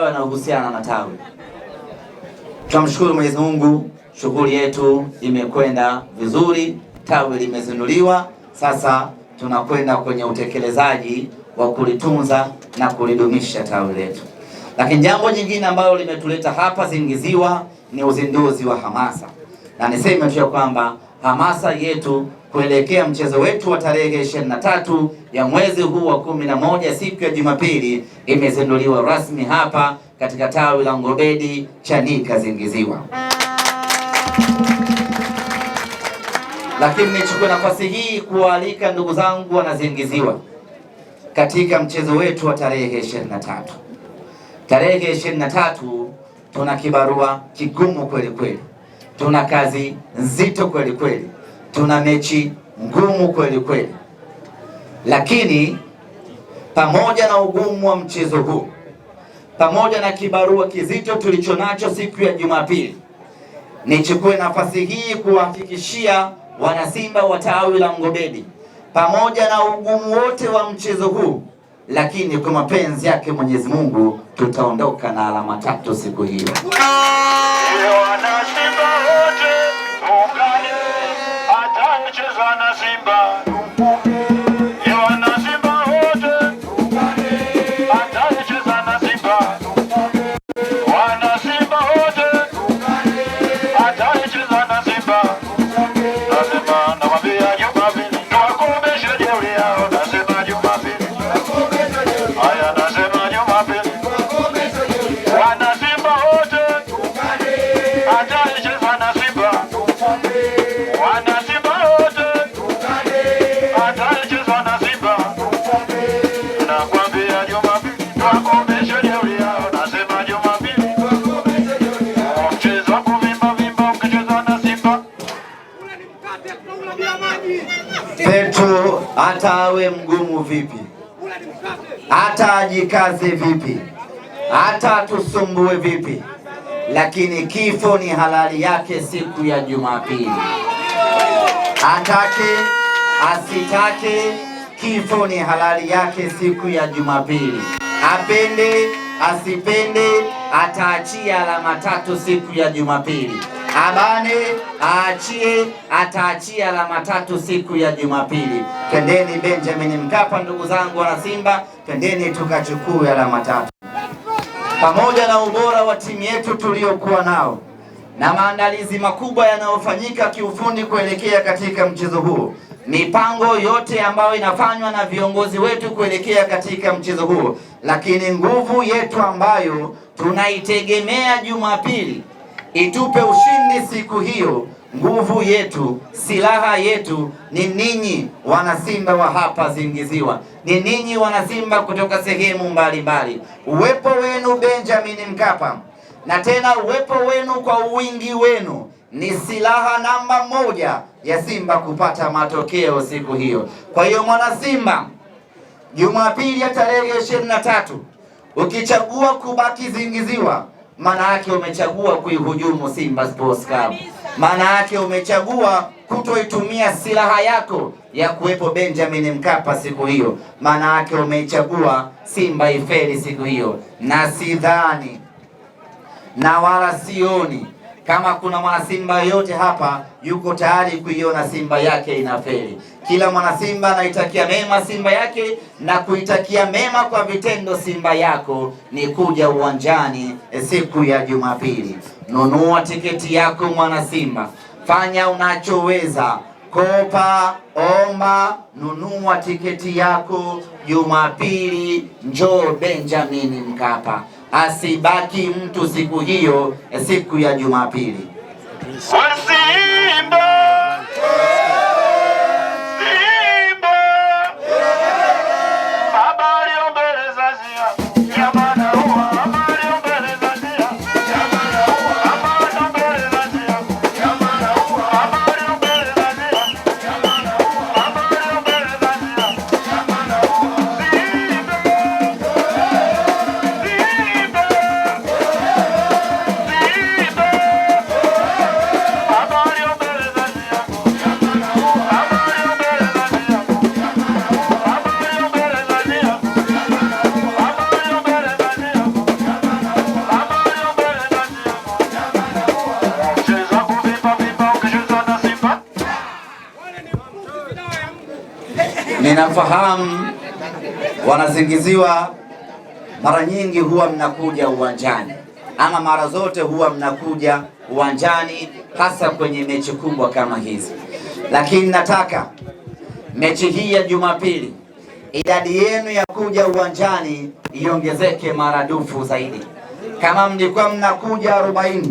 Yanayohusiana na tawi, tunamshukuru Mwenyezi Mungu, shughuli yetu imekwenda vizuri, tawi limezinduliwa. Sasa tunakwenda kwenye utekelezaji wa kulitunza na kulidumisha tawi letu. Lakini jambo jingine ambalo limetuleta hapa Zingiziwa ni uzinduzi wa hamasa, na niseme tu ya kwamba hamasa yetu kuelekea mchezo wetu wa tarehe ishirini na tatu ya mwezi huu wa kumi na moja siku ya Jumapili imezinduliwa rasmi hapa katika tawi la Ngobedi Chanika Zingiziwa. Lakini nichukue nafasi hii kuwaalika ndugu zangu wanazingiziwa katika mchezo wetu wa tarehe ishirini na tatu. Tarehe ishirini na tatu tuna kibarua kigumu kweli kweli, tuna kazi nzito kweli kweli tuna mechi ngumu kweli kweli, lakini pamoja na ugumu wa mchezo huu, pamoja na kibarua kizito tulicho nacho siku ya Jumapili, nichukue nafasi hii kuwahakikishia wanasimba wa tawi la Mgobedi, pamoja na ugumu wote wa mchezo huu, lakini kwa mapenzi yake Mwenyezi Mungu tutaondoka na alama tatu siku hiyo. Petro hata awe mgumu vipi, hata ajikaze vipi, hata tusumbue vipi, lakini kifo ni halali yake siku ya Jumapili. Atake asitake, kifo ni halali yake siku ya Jumapili. Apende asipende, ataachia alama tatu siku ya Jumapili abane, aachie, ataachia alama tatu siku ya Jumapili. Twendeni Benjamin Mkapa, ndugu zangu wana Simba, twendeni tukachukue alama tatu, pamoja na ubora wa timu yetu tuliokuwa nao na maandalizi makubwa yanayofanyika kiufundi kuelekea katika mchezo huo, mipango yote ambayo inafanywa na viongozi wetu kuelekea katika mchezo huo, lakini nguvu yetu ambayo tunaitegemea Jumapili Itupe ushindi siku hiyo. Nguvu yetu, silaha yetu ni ninyi wanasimba wa hapa Zingiziwa, ni ninyi wanasimba kutoka sehemu mbalimbali. Uwepo wenu Benjamin Mkapa, na tena uwepo wenu kwa uwingi wenu ni silaha namba moja ya Simba kupata matokeo siku hiyo. Kwa hiyo mwanasimba, Jumapili ya tarehe ishirini na tatu ukichagua kubaki Zingiziwa maana yake umechagua kuihujumu Simba Sports Club. Maana yake umechagua kutoitumia silaha yako ya kuwepo Benjamin Mkapa siku hiyo. Maana yake umechagua Simba ifeli siku hiyo, na sidhani na wala sioni kama kuna mwanasimba yoyote hapa yuko tayari kuiona Simba yake inafeli, kila mwanasimba anaitakia mema Simba yake na kuitakia mema kwa vitendo Simba yako ni kuja uwanjani eh, siku ya Jumapili. Nunua tiketi yako mwanasimba, fanya unachoweza, kopa, omba, nunua tiketi yako Jumapili, njoo Benjamin Mkapa asibaki mtu siku hiyo, siku ya Jumapili. ninafahamu wanasingiziwa mara nyingi huwa mnakuja uwanjani ama mara zote huwa mnakuja uwanjani hasa kwenye mechi kubwa kama hizi, lakini nataka mechi hii ya Jumapili idadi yenu ya kuja uwanjani iongezeke maradufu zaidi. Kama mlikuwa mnakuja 40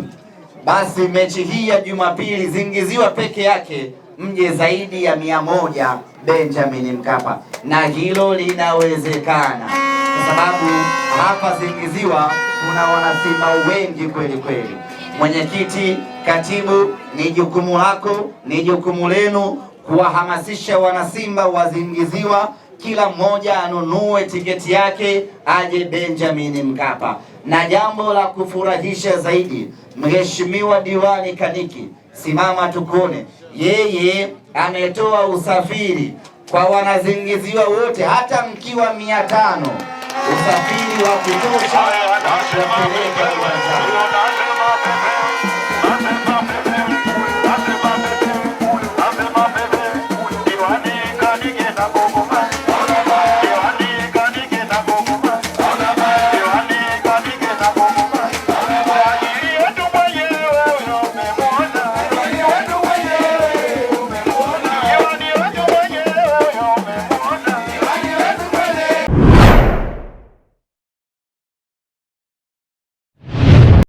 basi mechi hii ya Jumapili Zingiziwa peke yake mje zaidi ya mia moja Benjamin Mkapa, na hilo linawezekana kwa sababu hapa zingiziwa kuna wanasimba wengi kweli kweli. Mwenyekiti, katibu, ni jukumu lako, ni jukumu lenu kuwahamasisha wanasimba wazingiziwa kila mmoja anunue tiketi yake aje Benjamin Mkapa. Na jambo la kufurahisha zaidi, Mheshimiwa Diwani Kaniki Simama tukuone yeye ametoa usafiri kwa wanazingiziwa wote, hata mkiwa mia tano usafiri wa kutosha.